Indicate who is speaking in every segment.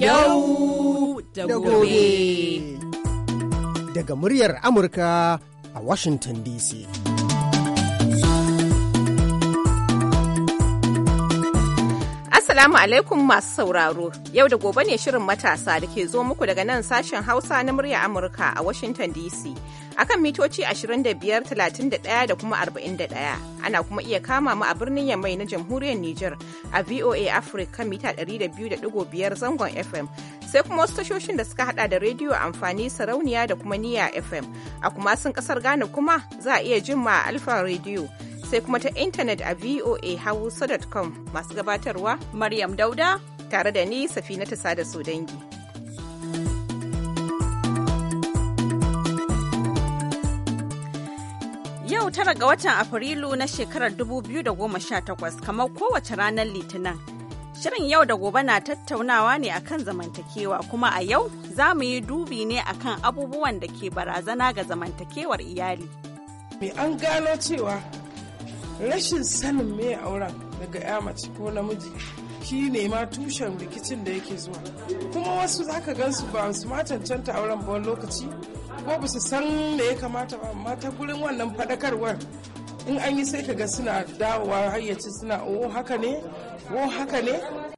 Speaker 1: yau da gobe.
Speaker 2: Daga muryar Amurka a Washington DC.
Speaker 1: Assalamu alaikum masu sauraro, yau da gobe ne shirin matasa da ke zo muku daga nan sashen Hausa na murya Amurka a Washington DC. akan mitoci 25,31 da kuma 41. Ana kuma iya kama mu a birnin Yamai na Jamhuriyar Nijar a VOA Africa mita 200.5 zangon FM. Sai kuma wasu tashoshin da suka hada da rediyo amfani sarauniya da kuma niya FM. A kuma sun kasar Ghana kuma za a iya jin ma Alfa rediyo Sai kuma ta intanet a VOA voahausa.com masu gabatarwa Maryam Dauda tare da ni Tasa da su dangi.
Speaker 3: Yau tara ga watan Afrilu na shekarar 2018 kamar kowace ranar Litinin. Shirin yau da gobe na tattaunawa ne akan zamantakewa kuma a yau za mu yi dubi ne akan abubuwan da ke barazana ga zamantakewar iyali. Me
Speaker 4: an gano cewa rashin sanin me auren daga ya mace ko namiji shi ne ma tushen rikicin da yake zuwa. Kuma wasu zaka gansu ba su ma cancanta auren ba lokaci ko ba su san me ya kamata ba amma ta gurin wannan fadakarwar in an yi sai ka ga suna dawowa hayyaci suna o oh, haka ne o oh, haka ne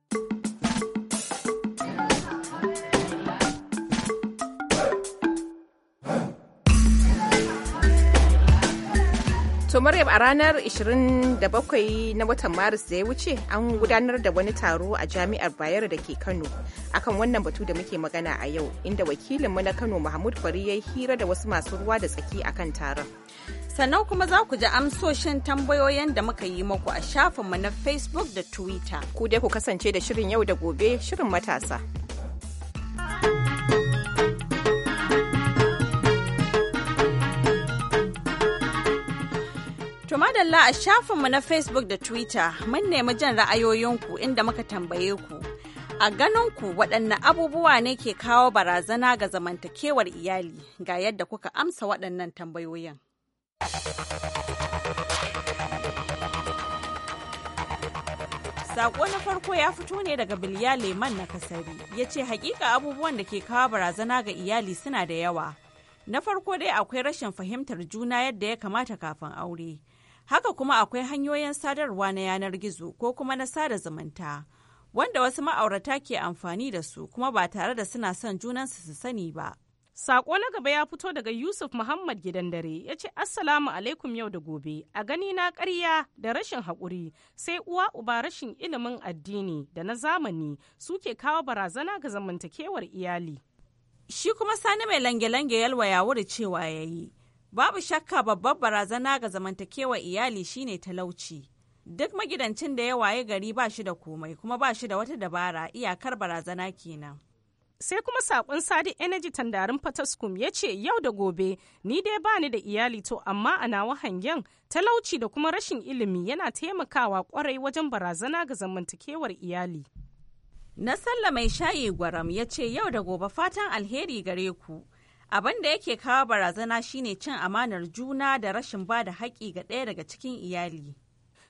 Speaker 1: To Maryam a ranar 27 na watan Maris da ya wuce an gudanar da wani taro a Jami'ar Bayero da ke Kano akan wannan batu da muke magana a yau inda wakilinmu
Speaker 3: na Kano Mahmud Kwari ya hira da wasu masu ruwa da tsaki akan taron. Sannan kuma za ku ji amsoshin tambayoyin da muka yi muku a shafinmu na Facebook da Twitter. Ku dai ku kasance da shirin yau da gobe shirin matasa. To madalla a shafinmu na Facebook da Twitter mun nemi jan ra'ayoyinku inda muka tambaye ku. A ganin ku waɗanne abubuwa ne ke kawo barazana ga zamantakewar iyali ga yadda kuka amsa waɗannan tambayoyin. Sako na farko ya fito ne daga Bilya Leman na Kasari, ya ce hakika abubuwan da ke kawo barazana ga iyali suna da yawa. Na farko dai akwai rashin fahimtar juna yadda ya kamata kafin aure. Haka kuma akwai hanyoyin sadarwa na yanar gizo ko kuma na sada zumunta, wanda wasu ma'aurata ke amfani da su kuma ba tare da suna son junansu su sani ba. Sako na gaba ya fito daga Yusuf Muhammad gidan dare ya ce Assalamu alaikum yau da gobe a gani na karya da rashin haƙuri sai uwa uba rashin ilimin addini da na zamani suke kawo barazana ga zamantakewar iyali. Shi kuma sani mai lange-lange yalwa ya wuri cewa ya yi. Babu shakka babbar barazana ga zamantakewa iyali shine talauci. Duk magidancin da ya waye gari ba shi da komai kuma ba shi da wata dabara iyakar barazana kenan. sai kuma sakon sadi energy tandarin fataskum ya ce yau da gobe ni dai ba ni da iyali to amma a nawa hangen talauci da kuma rashin ilimi yana taimakawa kwarai wajen barazana ga zamantakewar iyali Na sallah mai shayi gwaram ya ce yau da gobe fatan alheri gare ku abin da yake kawo barazana shine cin amanar juna da rashin ba da haƙi ga ɗaya daga cikin iyali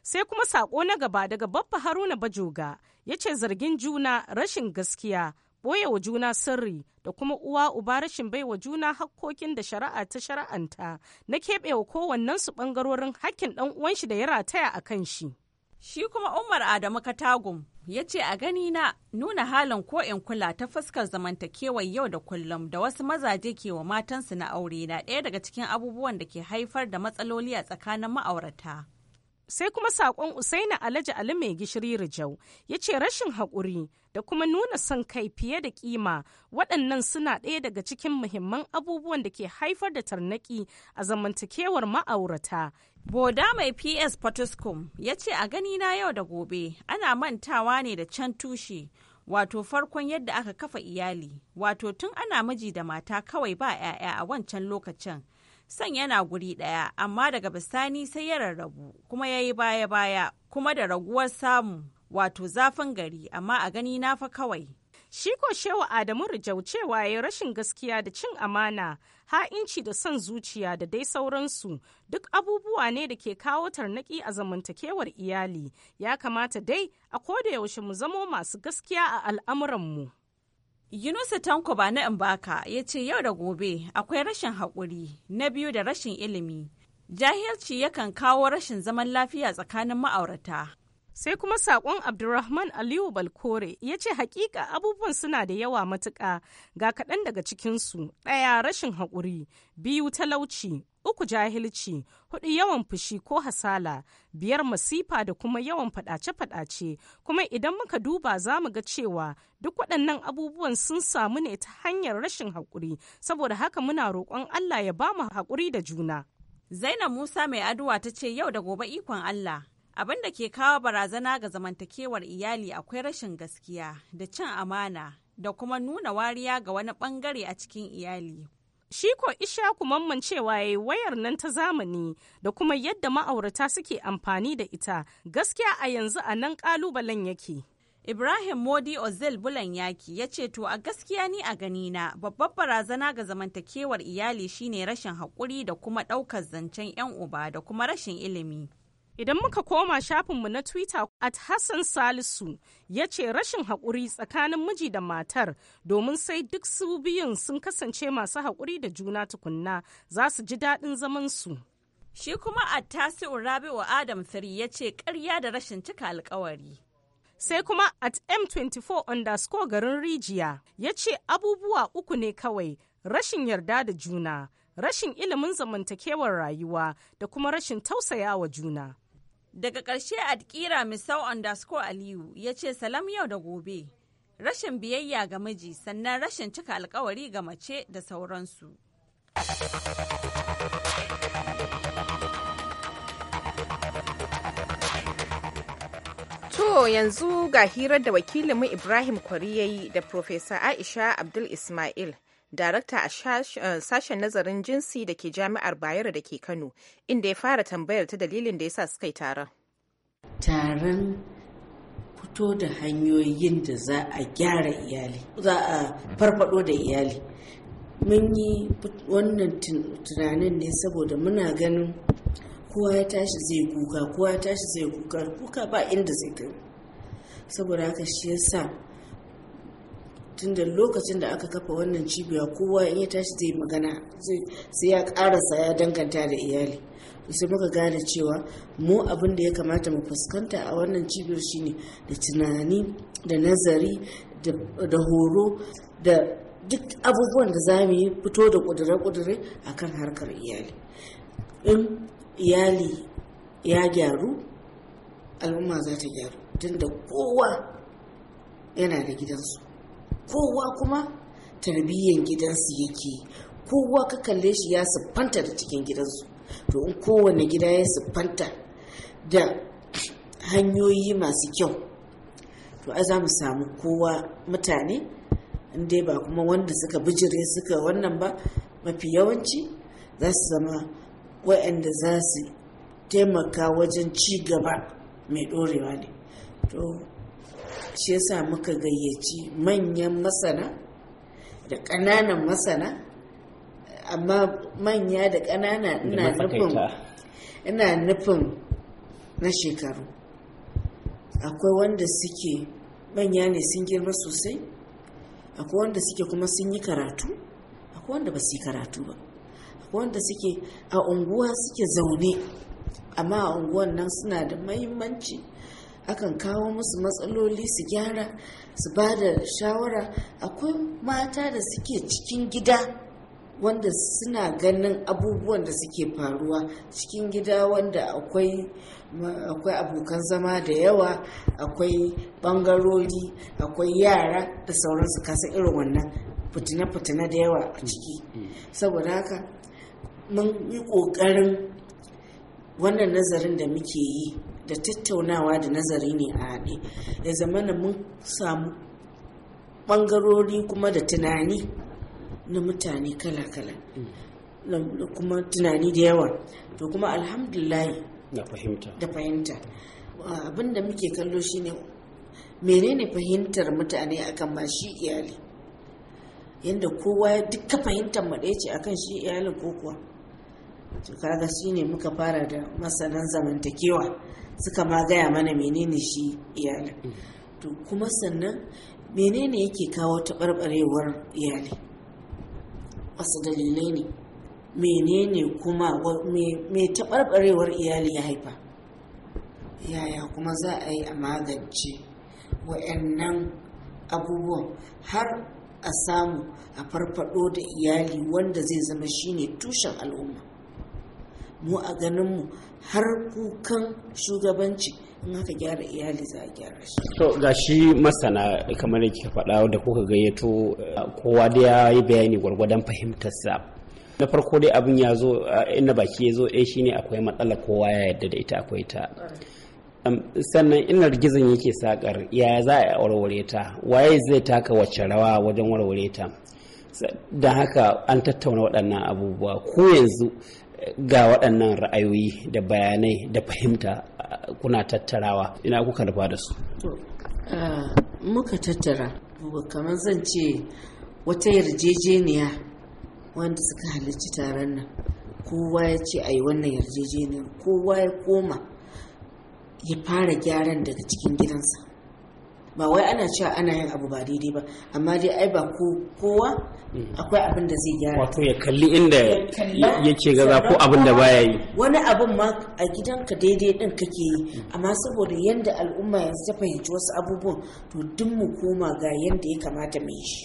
Speaker 3: sai kuma saƙo na gaba daga babba haruna bajoga ya ce zargin juna rashin gaskiya ɓoye wa juna sirri da kuma uwa uba rashin baiwa juna hakkokin da shari'a ta shari'anta na keɓewa su ɓangarorin hakkin ɗan uwan shi da ya rataya a kan shi. Shi kuma Umar Adamu Katagum ya ce a gani na nuna halin ko kula ta fuskar zamantakewar yau da kullum da wasu mazaje ke wa matansu na aure na ɗaya daga cikin abubuwan da ke haifar da matsaloli a tsakanin ma'aurata. sai kuma saƙon usaina alhaji ali mai gishiri rijau ya ce rashin haƙuri da kuma nuna son kai fiye da kima waɗannan suna ɗaya daga cikin muhimman abubuwan da ke haifar da tarnaki a zamantakewar ma'aurata Boda mai PS Potoskum ya ce a gani na yau da gobe ana mantawa ne da can tushe wato farkon yadda aka kafa iyali wato tun ana miji da mata kawai ba 'ya'ya a wancan lokacin san yana guri ɗaya amma daga bisani sai ya rarrabu kuma ya yi baya-baya kuma da raguwar samu wato zafin gari amma a gani na fa kawai Shi ko shewa Adamu Rijau cewa ya rashin gaskiya da cin amana, ha'inci da son zuciya da dai sauransu duk abubuwa ne da ke kawo tarnaki a zamantakewar iyali. Ya kamata dai a yaushe mu zamo masu gaskiya a al'amuranmu. Yunusa Tanko ba na baka ya ce yau da gobe akwai rashin haƙuri na biyu da rashin ilimi. Jahilci yakan kawo rashin zaman lafiya tsakanin ma'aurata. Sai kuma saƙon Abdurrahman Aliyu Balkore ya ce hakika abubuwan suna da yawa matuƙa ga kaɗan daga cikinsu ɗaya rashin haƙuri, biyu talauci, uku jahilci, hudu yawan fushi ko hasala, biyar masifa da kuma yawan faɗace-faɗace kuma idan muka duba za mu ga cewa duk waɗannan abubuwan sun samu ne ta hanyar rashin haƙuri, saboda haka muna roƙon Allah ya ba mu haƙuri da juna. Zainab Musa mai adu'a ta ce yau da gobe ikon Allah. Abin da ke kawo barazana ga zamantakewar iyali akwai rashin gaskiya da cin amana da kuma nuna wariya ga wani bangare a cikin iyali. Shi ko Ishaku mamman cewa yayi wayar nan ta zamani da kuma yadda ma'aurata suke amfani da ita gaskiya a yanzu a nan kalubalen yake. Ibrahim Modi Ozil Bulan Yaki ya ce to a gaskiya ni a ganina babbar barazana ga zamantakewar iyali shine rashin haƙuri da kuma ɗaukar zancen 'yan uba da kuma rashin ilimi. Idan muka koma shafinmu na Twitter at Hassan Salisu ya ce rashin haƙuri tsakanin miji da matar domin sai duk su biyun sun kasance masu haƙuri da juna tukunna za su ji daɗin zamansu. Shi kuma a tasiru Rabi'u Adam Firi ya ce ƙarya da rashin cika alƙawari. sai kuma at m24 underscore garin rijiya ya ce abubuwa uku ne kawai rashin yarda da juna rashin ilimin zamantakewar rayuwa da kuma rashin tausayawa juna Daga ƙarshe adkira misau underscore Aliyu ya ce salam yau da gobe. Rashin biyayya ga miji sannan rashin cika alkawari ga mace da sauransu.
Speaker 1: To yanzu ga hirar da wakilinmu Ibrahim Kwari ya yi da Profesa Aisha Abdul Ismail darakta a eh, sashen nazarin jinsi da ke jami'ar bayero da ke kano inda ya fara tambayar ta dalilin da ya sa suka yi taron
Speaker 5: taron fito da hanyoyin da za a gyara iyali za a farfado da iyali mun yi wannan tunanin ne saboda muna ganin kowa ya tashi zai kuka kowa ya tashi zai kuka kuka ba inda zai kai saboda haka shi yasa tunda lokacin da aka kafa wannan cibiya kowa in ya tashi zai magana sai ya karasa ya danganta da iyali sai muka gane cewa mu abin da ya kamata mu fuskanta a wannan cibiyar shine da tunani da nazari da horo da duk abubuwan da za mu yi fito da kudure-kudure a kan harkar iyali in iyali ya gyaru al'umma za ta gyaru tunda kowa yana da gidansu kowa kuma tarbiyyar gidansu yake kowa ka kalle shi ya siffanta da cikin gidansu to in kowane gida ya siffanta da hanyoyi masu kyau to a za mu samu kowa mutane inda ba kuma wanda suka bijire suka wannan ba mafi yawanci za su zama waɗanda za su taimaka wajen ci gaba mai ɗorewa ne to shi yasa muka gayyaci manyan masana da ƙananan masana amma manya da ƙanana ina nufin ina nufin na shekaru akwai wanda suke manya ne sun girma sosai akwai wanda suke kuma sun yi karatu akwai wanda ba su yi karatu ba akwai wanda suke a unguwa suke zaune amma a unguwan nan suna da mahimmanci akan kawo musu matsaloli su gyara su ba da shawara akwai mata da suke cikin gida wanda suna ganin abubuwan da suke faruwa cikin gida wanda akwai akwai abokan zama da yawa akwai bangarori akwai yara da sauransu kasa irin wannan fitina-fitina da yawa a ciki saboda haka mun yi ƙoƙarin wannan nazarin da muke yi da tattaunawa da nazari ne a haɗe ya zamana mun samu ɓangarori kuma da tunani na mutane kala-kala kuma tunani da yawa to kuma alhamdulahi
Speaker 2: da fahimta da
Speaker 5: fahimta abin da muke kallo shine menene fahimtar mutane akan ba shi iyali yadda kowa ya duka fahimtar ɗaya ce akan shi iyalin ko kuwa to kaga shine muka fara da masanan zamantakewa suka ma gaya mana menene shi iyali to kuma sannan menene yake kawo taɓarɓarewar iyali wasu dalilai ne menene kuma mai taɓarɓarewar iyali ya haifa yaya kuma za a yi a magance wa'annan abubuwan har a samu a farfado da iyali wanda zai zama shine tushen al'umma mu a ganinmu har kukan shugabanci in haka gyara iyali za a gyara shi.
Speaker 2: to ga shi masana kamar yake faɗa da kuka gayyato kowa da ya yi bayani gwargwadon sa. na farko dai abin ya zo inda baki ya zo ɗaya eh, shine akwai matsala kowa ya yarda da ita akwai ta sannan ina gizon yake sakar yaya za a warware ta waye zai taka wacce rawa wajen warware ta da haka an tattauna waɗannan abubuwa ko yanzu ga waɗannan ra'ayoyi da bayanai da fahimta uh, kuna tattarawa ina kuka rufa da su
Speaker 5: uh, muka tattara kamar zan ce wata yarjejeniya wanda suka halarci taron nan kowa ya ce a yi wannan yarjejeniyar kowa ya koma ya fara gyaran daga cikin gidansa ba wai ana cewa ana yin abu ba daidai ba amma dai ai ba ko kowa akwai abin da zai gyara wato
Speaker 2: ya kalli inda yake gaza ko abin da baya yi
Speaker 5: wani abin ma a gidanka daidai din kake yi amma saboda yanda al'umma yanzu ta fahimci wasu abubuwan to duk mu koma ga yanda ya kamata mu yi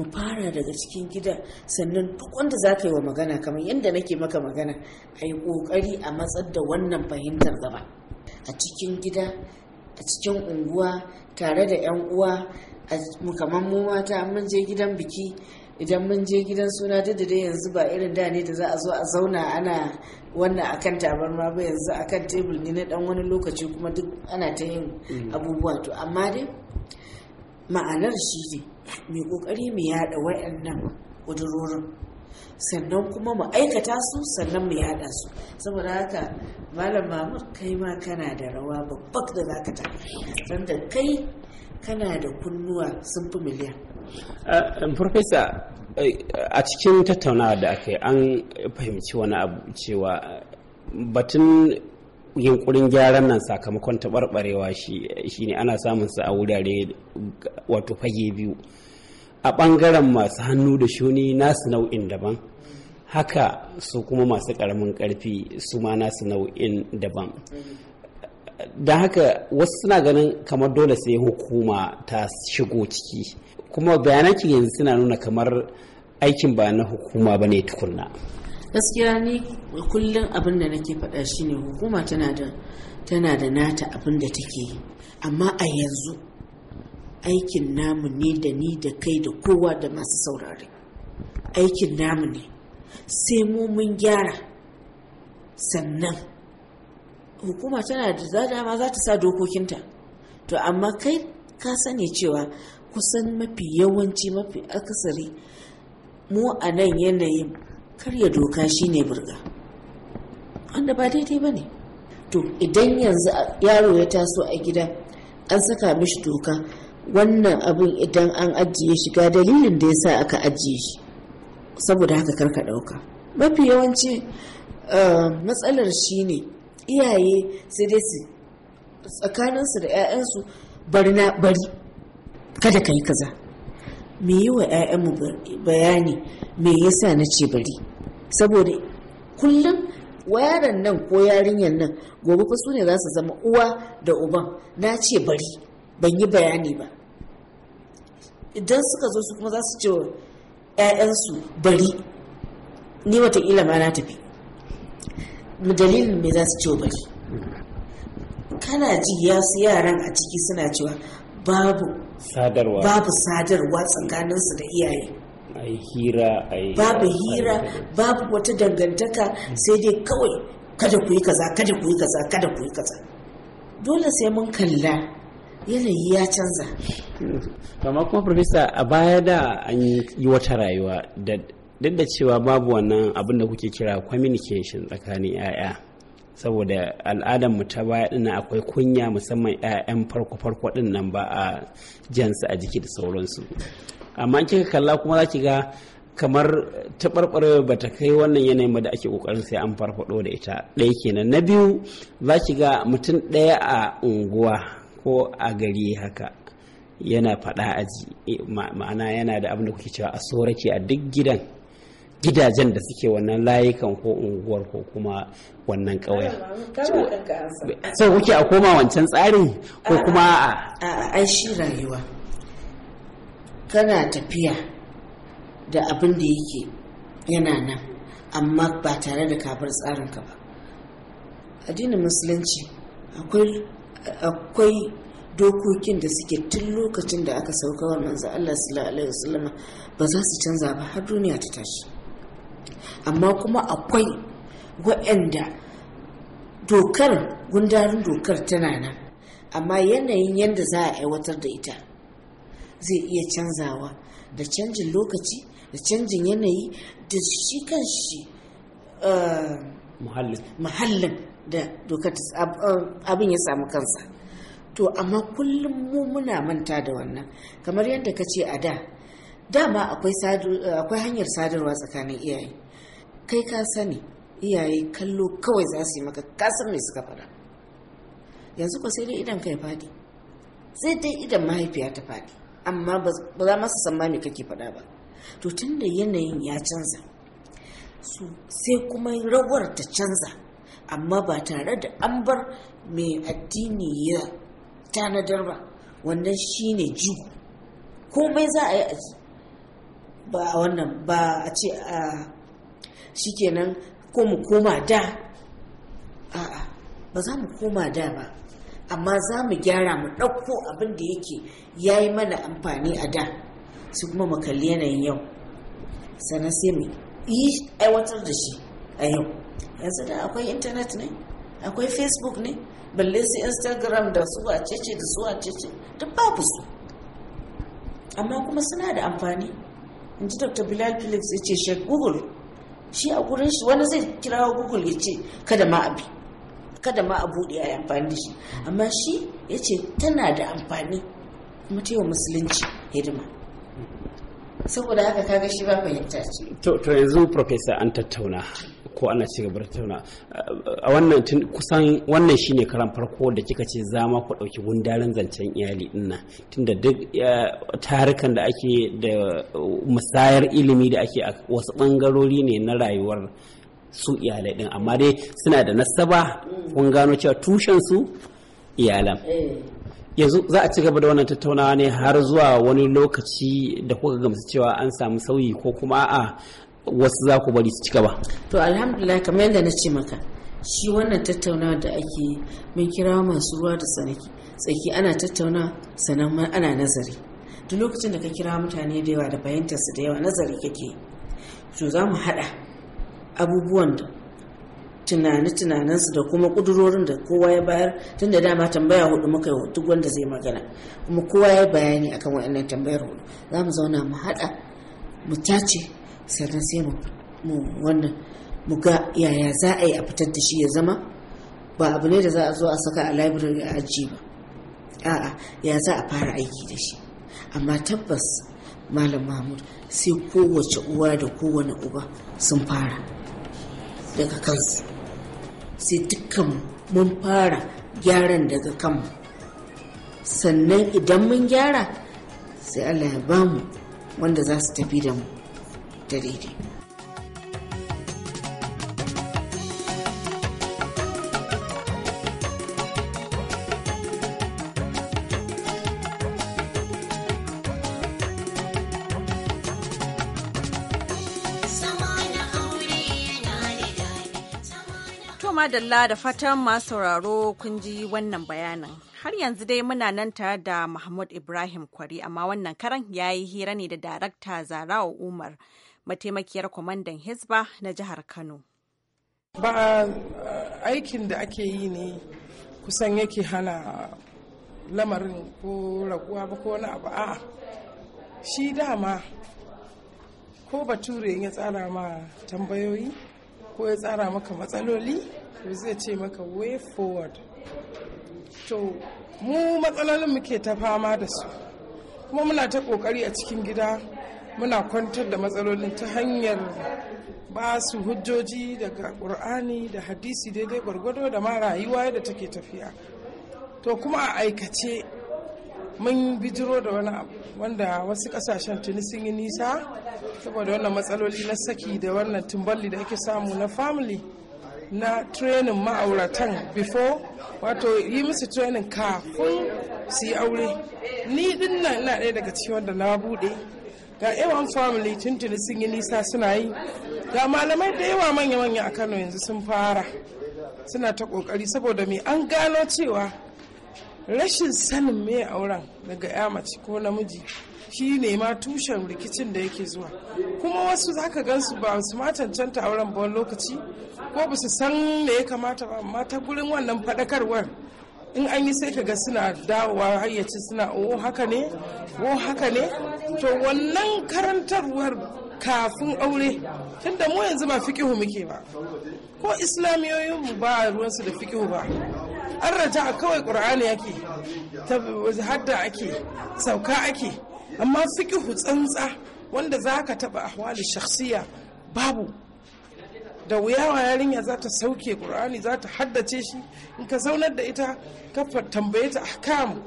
Speaker 5: mu fara daga cikin gida sannan duk wanda za ka yi wa magana kamar yanda nake maka magana a yi ƙoƙari a matsar da wannan fahimtar gaba a cikin gida a cikin unguwa tare da 'yan uwa kamar mu mata mun je gidan biki idan mun je gidan suna duk da dai yanzu ba irin da ne da za a zo a zauna ana wannan akan tabarma ba yanzu akan tebul ne na dan wani lokaci kuma duk ana ta yin mm. abubuwa to amma dai ma'anar shi ne mai kokari mai yada wa'annan kudurorin sannan kuma mu aikata su sannan mu yada su saboda haka malam mamu kai ma kana da rawa babbak da zaka ta sanda kai kana da kunnuwa sun fi miliyan
Speaker 2: eh, Profesa eh, a cikin tattaunawa da aka yi an fahimci wani abu cewa eh, batun yunkurin gyaran nan sakamakon taɓarɓarewa shi ne ana samun sa a wurare wato fage biyu a ɓangaren masu hannu da shuni nasu nau'in daban haka su kuma masu ƙaramin ƙarfi su ma nasu nau'in daban don haka wasu suna ganin kamar dole sai hukuma ta shigo ciki kuma bayanakin yanzu suna nuna kamar aikin ba na hukuma ba ne tukunna
Speaker 5: gaskiya ni kullum abin da nake faɗa shine hukuma tana da tana da nata abin da take amma a yanzu aikin namu ne da ni da kai da kowa da masu saurari. aikin namu ne sai mu mun gyara sannan hukuma tana da dama za ta sa dokokinta to amma kai ka sani cewa kusan mafi yawanci mafi akasari mu a nan yanayin karya doka shine burga wanda ba daidai ba ne to idan yanzu yaro ya taso a gida an saka mishi doka wannan abin idan an ajiye shi ga dalilin da ya sa aka ajiye shi saboda haka karka ɗauka mafi yawanci eh, matsalar shi ne iyaye sai dai su tsakaninsu da 'ya'yansu bari na bari kada ka yi kaza me yi wa 'ya'yanmu bayani me yasa na ce bari saboda kullum wayaran nan ko yarinyar nan gobe fa su ne za su zama uwa da uban na ce bari ban yi bayani ba idan suka zo su kuma za su ce wa 'ya'yansu bari ni watakila ma na tafi dalilin me za su ce wa bari kana ji ya yaran a ciki suna cewa babu
Speaker 2: sadarwa babu
Speaker 5: sadarwa tsakaninsu da iyaye
Speaker 2: babu hira
Speaker 5: babu wata dangantaka sai dai kawai kada ku yi kaza kada ku yi kaza kada ku yi kaza dole sai mun kalla yanayi ya canza
Speaker 2: Kamar kuma profesa a baya da an yi wata rayuwa duk da cewa babu wannan abin da kuke kira communication tsakanin 'ya'ya saboda al'adar mu ta baya dinnan akwai kunya musamman 'ya'yan farko-farko din nan ba a jansu a jiki da sauransu amma kika kalla kuma za ki ga kamar taɓarɓarewa ba ta kai wannan yanayin ba da ake ƙoƙarin sai an farfaɗo da ita ɗaya kenan na biyu za ki ga mutum ɗaya a unguwa ko a gari haka yana faɗa aji e, ma'ana yana da abin da kuke cewa a tsoraki a duk gidan gidajen da suke wannan layukan ko unguwar ko kuma wannan ƙauyen.
Speaker 3: Sau kuke a
Speaker 5: koma wancan tsarin ko kuma a? A ai shi rayuwa. Kana tafiya da abin da yake yana nan amma ba tare da kabar tsarinka ba. Addinin Musulunci akwai akwai dokokin da suke tun lokacin da aka sauka wa manzo Allah sallallahu alaihi ba za su canza ba har duniya ta tashi amma kuma akwai waɗanda dokar gundarin dokar tana nan amma yanayin yadda za a aiwatar da ita zai iya canzawa da canjin lokaci da canjin yanayi da shi kan shi eh, muhallin da dokar abin ya samu kansa to amma kullum mu muna manta da wannan kamar yadda ka ce a da dama akwai hanyar sadarwa tsakanin iyaye kai ka sani iyaye kallo kawai za su yi maka kasan mai suka fada yanzu ko sai dai idan kai fadi sai dai idan mahaifiya ta fadi amma ba za masu san me kake fada ba to tunda yanayin ya canza sai kuma rawar ta canza amma ba tare da an bar mai addini ya tanadar ba wannan shine ju komai za a yi a ba wannan ba a ce a shikenan ko mu koma da a'a ba za mu koma da ba amma za mu gyara mu ɗauko abin da yake ya yi mana amfani a da su kuma mu kalli yanayin yau sannan sai mu yi aiwatar da shi a yau yanzu da akwai intanet ne akwai facebook ne balle su instagram da su wacece da su wacece duk babu su amma kuma suna da amfani in ji dr bilal felix ya ce shek google shi a gurin shi wani zai kirawo google ya ce kada ma abi kada ma a buɗe a amfani da shi amma shi ya ce tana da amfani kuma ta yi wa musulunci hidima saboda haka kaga shi ba fahimta ce
Speaker 2: to yanzu professor an tattauna ko ana ci gaba da tattauna a wannan tun kusan wannan shine karan farko da kika ce zama ku dauki gundarin zancen iyali dinnan tunda duk tarukan da ake da uh, musayar ilimi da ake a wasu bangarori ne na rayuwar su iyalai din amma dai suna da nasaba kun gano cewa tushen su iyalan eh. yanzu za a ci gaba da wannan tattaunawa ne har zuwa wani lokaci da kuka gamsu cewa an samu sauyi ko kuma a wasu za ku bari su cika ba
Speaker 5: to alhamdulillah kamar yadda na ce maka shi wannan tattaunawa da ake yi mun kira masu ruwa da tsanaki tsaki ana tattauna sannan ana nazari duk lokacin da ka kira mutane da yawa da fahimtar su da yawa nazari kake to za mu haɗa abubuwan da tunane su da kuma ƙudurorin da kowa ya bayar tun da dama tambaya hudu muka yi duk wanda zai magana kuma kowa ya bayani akan waɗannan tambayar hudu za mu zauna mu haɗa mu tace sannan sai mu wannan ga yaya za a yi a fitar da shi ya zama ba abu ne da za a zo a saka a library a ajiye ba a'a ya za a fara aiki da shi amma tabbas malam mahmud sai kowace uwa da kowane uba sun fara daga kansu sai dukkan mun fara gyaran daga kanmu sannan idan mun gyara sai allah ya bamu wanda za su tafi da mu da
Speaker 3: madalla da fatan masu sauraro kun ji wannan bayanin. Har yanzu dai muna nan tare da Mahmud Ibrahim Kwari amma wannan karan ya yi hira ne da darakta Zarawa Umar mataimakiyar kwamandan Hisba na jihar Kano. Ba aikin da
Speaker 4: ake yi ne kusan yake hana lamarin ko raguwa ba ko wani abu a shi dama ko bature ya tsara ma tambayoyi ko ya tsara maka matsaloli ko zai ce maka way forward to mu matsalolin muke ta fama da su kuma muna ta kokari a cikin gida muna kwantar da matsalolin ta hanyar ba su hujjoji daga ƙur'ani da hadisi daidai gwargwado da ma rayuwa da take tafiya to kuma a aikace mun bijiro da wani wanda wasu kasashen tuni sun yi nisa saboda wannan matsaloli na saki da wannan tumballi da ake samu na family na training ma'auratan before wato yi musu training kafin su yi aure ni dinnan ina ɗaya daga cikin wanda na buɗe ga yawan family tuntuni sun yi nisa suna yi ga malamai da yawa manya-manya a kano yanzu sun fara suna ta kokari saboda mai an gano cewa rashin sanin mai auren daga ya mace ko namiji shi ne ma tushen rikicin da yake zuwa kuma wasu za zaka gansu ba su ma cancanta auren ba lokaci ko ba su san me ya kamata ba amma ta gurin wannan faɗakarwar in an yi sai ga suna dawowa hayyaci suna o oh, haka ne o oh, haka ne to wannan karantarwar kafin aure tunda mu yanzu ba fikihu muke ba ko islamiyoyin mu ba ruwansu da fikihu ba an raja kawai ƙur'ani ake hadda ake sauka ake amma fikihu tsantsa wanda za ka taɓa ahwali shakhsiya babu da wuyawa yarinya za ta sauke ƙur'ani za ta haddace shi in ka zaunar da ita ka tambaye ta ahkam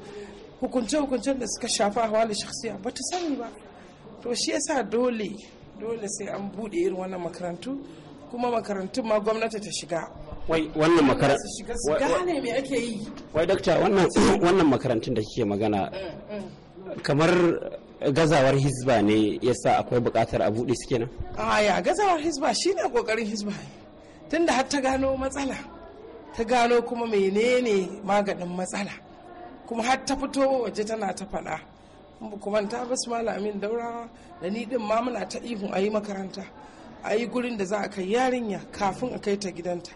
Speaker 4: hukunce-hukuncen da suka shafa hawali shakhsiya ba ta sani ba to shi yasa dole dole sai an buɗe irin wannan makarantu kuma makarantun ma gwamnati ta shiga
Speaker 2: wai wannan makarantun.
Speaker 4: me ake yi
Speaker 2: wai dakta wannan wannan makarantun da kike magana
Speaker 4: mm, mm.
Speaker 2: kamar gazawar hizba ne ya sa akwai bukatar a buɗe suke nan
Speaker 4: A ah, ya gazawar hizba shine kokarin hizba tunda har ta gano matsala ta gano kuma menene maganin matsala kuma har ta fito waje tana ta faɗa kuma ta basu malamin daura da ni din ma muna ta ihun ayi makaranta ayi gurin da za a kai yarinya kafin a kai ta gidanta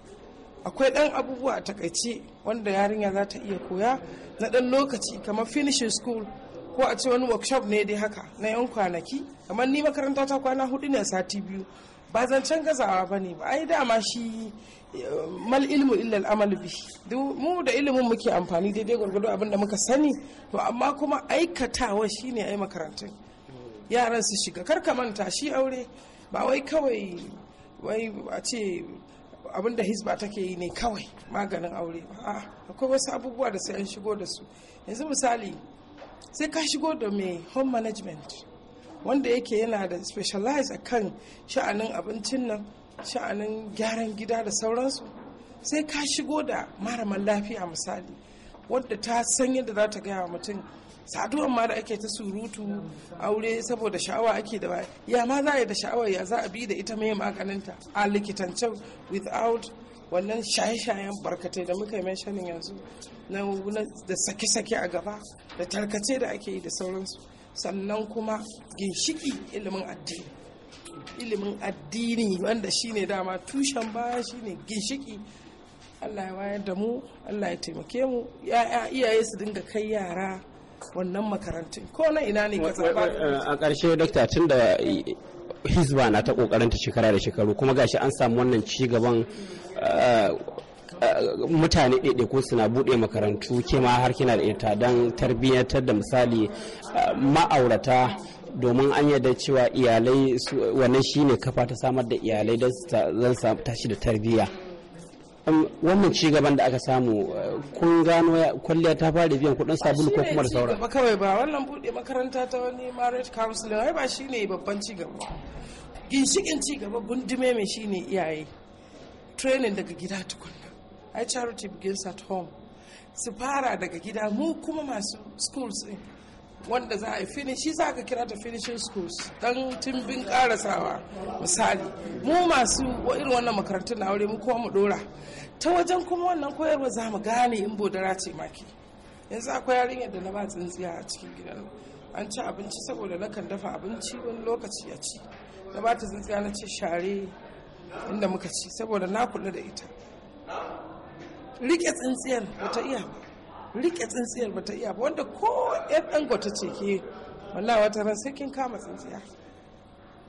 Speaker 4: akwai ɗan abubuwa a takaice wanda yarinya za ta iya koya na ɗan lokaci kamar finishing school ko a ce wani workshop ne dai haka na yan kwanaki kamar ni makaranta ta kwana hudu ne sati biyu ba zan zancen gazawa ba ne ba ai dama shi eh, mal ilmu illal amalu bi mu da ilimin muke amfani daidai gwargwado abin da muka sani to amma kuma aikatawa shine ai makarantun yaran su shiga kar ka manta shi aure ba wai kawai wai a ce abin da hisba take yi ne kawai maganin aure ba akwai wasu abubuwa da sai an shigo da su yanzu misali sai ka shigo da mai home management wanda yake yana da specialize a kan sha'anin abincin nan sha'anin gyaran gida da sauransu sai ka shigo da maraman lafiya misali wadda ta san yadda za ta gaya wa mutum saduwan ma da ake ta surutu aure saboda sha'awa ake da ya ma za a yi da sha'awa ya za a bi da ita mai maganinta a likitancen without wannan shaye-shayen barkatai da muka yi mentioning yanzu da sake-sake a gaba da tarkace da ake yi da sauransu sannan kuma ginshiki ilimin addini ilimin addini wanda shine dama tushen baya shine ginshiki allah ya wayar da mu allah ya taimake mu iyaye su dinga kai yara wannan makarantun ko na ina ne ka
Speaker 2: a ƙarshe dokta tun da hizba na ta kokarin ta shekara da shekaru kuma gashi an samu wannan ci gaban eh, eh, mutane ɗaiɗaiku suna buɗe makarantu kima har kina da ita don tarbiyyantar da misali eh, ma'aurata domin an yarda cewa iyalai wannan shine kafa ta samar da iyalai don su tashi da tarbiyya Um, wannan ci gaban da aka samu uh, kun gano kwalliya ta fara biyan kuɗin sabulu ko kuma da sauran ba
Speaker 4: kawai ba wannan bude makaranta ta wani marriage counseling ai ba shine babban ci gaba ginshikin ci gaba gundume mai shine iyaye training daga gida tukunna ai charity begins at home su fara daga gida mu kuma masu schools din wanda za a yi finishi za ka kira ta finishing schools dan timbin karasawa misali mu masu irin wannan makarantun na aure mu kuma mu dora ta wajen kuma wannan koyarwa za mu gane in bodara ce maki yanzu akwai yarinyar da na ba tsintsiya a cikin gidan an ci abinci saboda na kan dafa abinci wani lokaci ya ci na ba ta tsintsiya na ce share inda muka ci saboda na kula da ita rike tsintsiyar ba ta iya rike tsintsiyar ba ta iya ba wanda ko yan gwata ce ke wallahi wata ran sai kin kama tsintsiya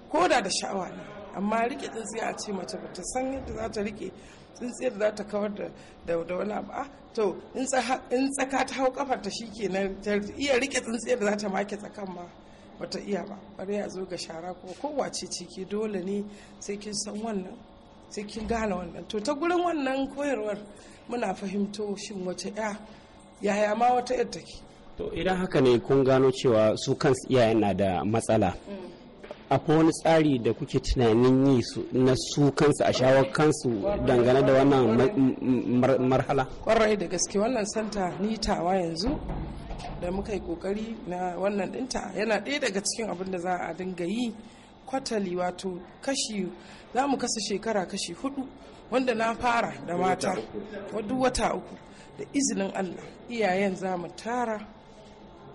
Speaker 4: ko da da sha'awa ne amma rike tsintsiya a ce mace ba ta san yadda za ta rike tsintsiyar za ta kawar da wani abu to in tsaka ta hau kafar ta shikenan ta iya rike tsintsiyar da za ta make tsakan ma bata iya ba bari ya zo ga shara ko kowace ciki dole ne sai kin san wannan sai kin gane wannan to ta gurin wannan koyarwar muna fahimto shin wace ya yaya ma wata yadda take
Speaker 2: to idan haka ne kun gano cewa su kan iyayen na da matsala akwai wani tsari da kuke tunanin yi na su kansu a shawar kansu dangane da wannan
Speaker 4: marhala kwarai da gaske wannan santa nitawa yanzu da muka yi kokari na wannan dinta yana ɗaya daga cikin abin da za a dinga yi kwatali wato kashi za mu kasa shekara kashi hudu wanda na fara da mata duk wata uku da izinin allah iyayen za mu tara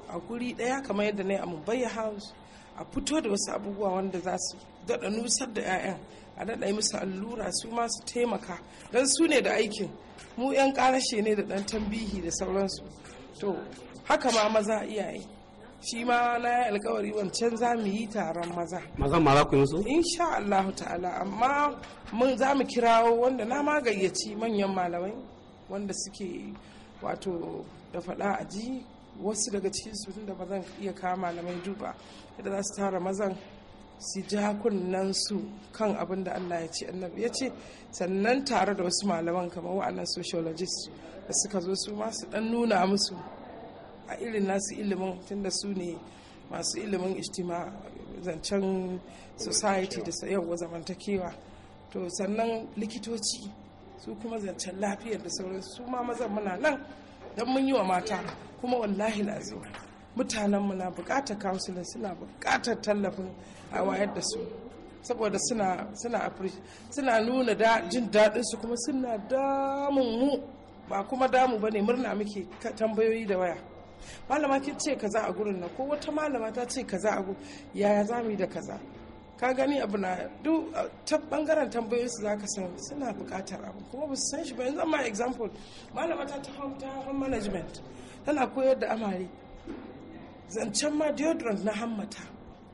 Speaker 4: a guri ɗaya kamar yadda na yi a mumbai house a fito da wasu abubuwa wanda za su daɗa nusar da 'ya'yan a daɗa yi musu allura su ma taimaka don su ne da aikin mu 'yan ƙarashe ne da ɗan tambihi da sauransu to haka ma maza iyaye shi ma na yi alkawari wancan za mu yi taron maza maza mara ku yi musu insha allahu ta'ala amma mun za mu kirawo wanda na magayyaci manyan malamai wanda suke wato da faɗa a ji wasu daga cikin su da ba zan iya kama na mai duba yadda za su tara mazan su ja su kan abin da Allah ya ce annabi ya ce sannan tare da wasu malaman kamar wa'annan sociologists da suka zo su masu dan nuna musu a irin nasu ilimin da su ne masu ilimin ijtima zancen society da yau zamantakewa to sannan likitoci su kuma zancen lafiyar da sauransu su ma mazan muna nan don mun yi wa mata kuma wallahi zuwa mutanenmu na bukatar counseling suna bukatar tallafin a wayar da su saboda suna suna suna nuna jin daɗin su kuma suna damun mu ba kuma damu ba ne murna muke tambayoyi da waya malama kin ce kaza a gurin nan ko wata malama ta ce kaza a gurin yaya za mu yi da kaza ka gani abu na duk bangaren tambayoyin su zaka san suna bukatar abu kuma ba su san shi ba yanzu amma example malama ta ta home management tana koyar da amare zancen ma deodorant na hammata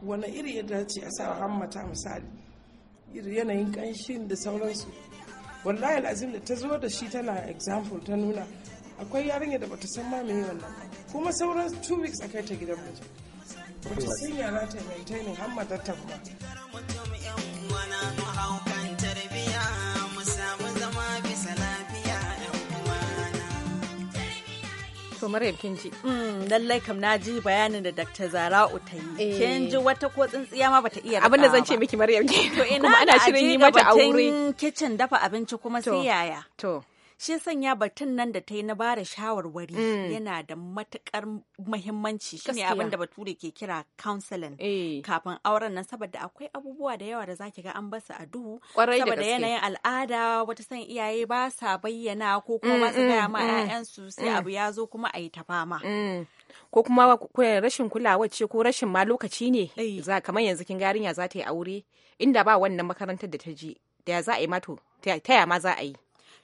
Speaker 4: wani iri ya dace a sa hammata misali yanayin kanshin da sauransu wallahi lazim da ta zo da shi tana example ta nuna akwai yarinya da bata san ma me wannan kuma sauran two weeks akai ta gidan mutum Wace sanya za ta maintainin hammatattan ba.
Speaker 3: Maryam kin ji mm, lallai kam na ji bayanin da Dr. Zara'u ta yi eh. kin ji wata ko tsintsiya ma bata iya abin da zan ce miki
Speaker 1: Maryam ne to ina ana shirin yi mata
Speaker 3: dafa abinci kuma sai yaya to shi sanya batun nan da ta yi na da shawarwari mm. yana da matukar muhimmanci shine abin da bature ke kira counseling eh. kafin auren nan saboda akwai abubuwa da yawa da zaki ga an basu a duhu saboda yanayin al'ada wata san iyaye ba sa bayyana ko kuma mm, ba su gaya mm, ma 'ya'yansu sai abu ya zo kuma a yi ta fama
Speaker 1: ko kuma rashin kulawa ce ko rashin ma lokaci ne eh. za kamar yanzu kin yarinya za ta yi aure inda ba wannan makarantar da ta je da za a yi mato ta ma za a yi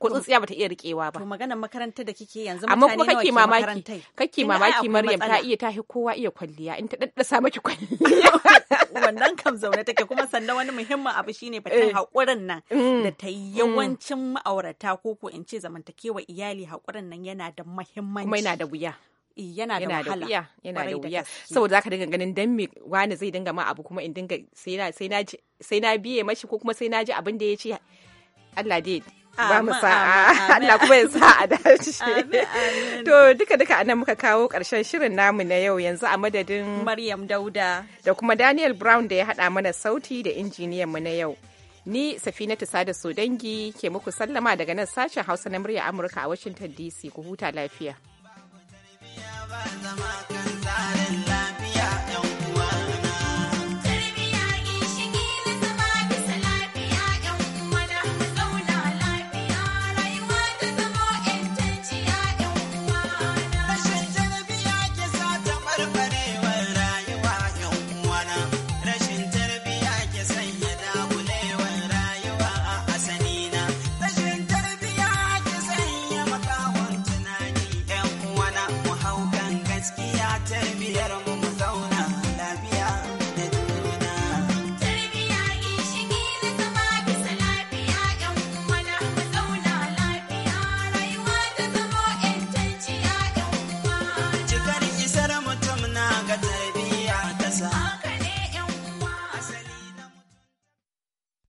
Speaker 1: ko tsintsiya bata iya rikewa ba to maganar
Speaker 3: makarantar da kike yanzu mutane nawa kake mamaki kake mamaki Maryam ta iya
Speaker 1: tahi kowa iya kwalliya in ta
Speaker 3: daddasa maki kwalliya wannan kam zaune take kuma sannan wani muhimmin abu shine fatan eh. hakurin nan mm. da ta mm. yawancin ma'aurata ko ko in ce zamantakewa iyali hakurin nan yana da muhimmanci kuma yana da wuya eh, yana da wahala yana da wuya
Speaker 1: saboda zaka dinga ganin dan me wani zai dinga ma abu kuma in dinga sai na sai na biye mashi ko kuma sai na ji abin da ya ce Allah dai ba mu sa'a Allah kuma ya sa a dace to duka duka anan muka kawo karshen shirin namu na yau yanzu a madadin Maryam Dauda da kuma Daniel Brown da ya hada mana sauti da injiniyan mu na yau ni Safinatu Sada Sodangi ke muku sallama daga nan sashen Hausa na murya Amurka a Washington DC ku huta lafiya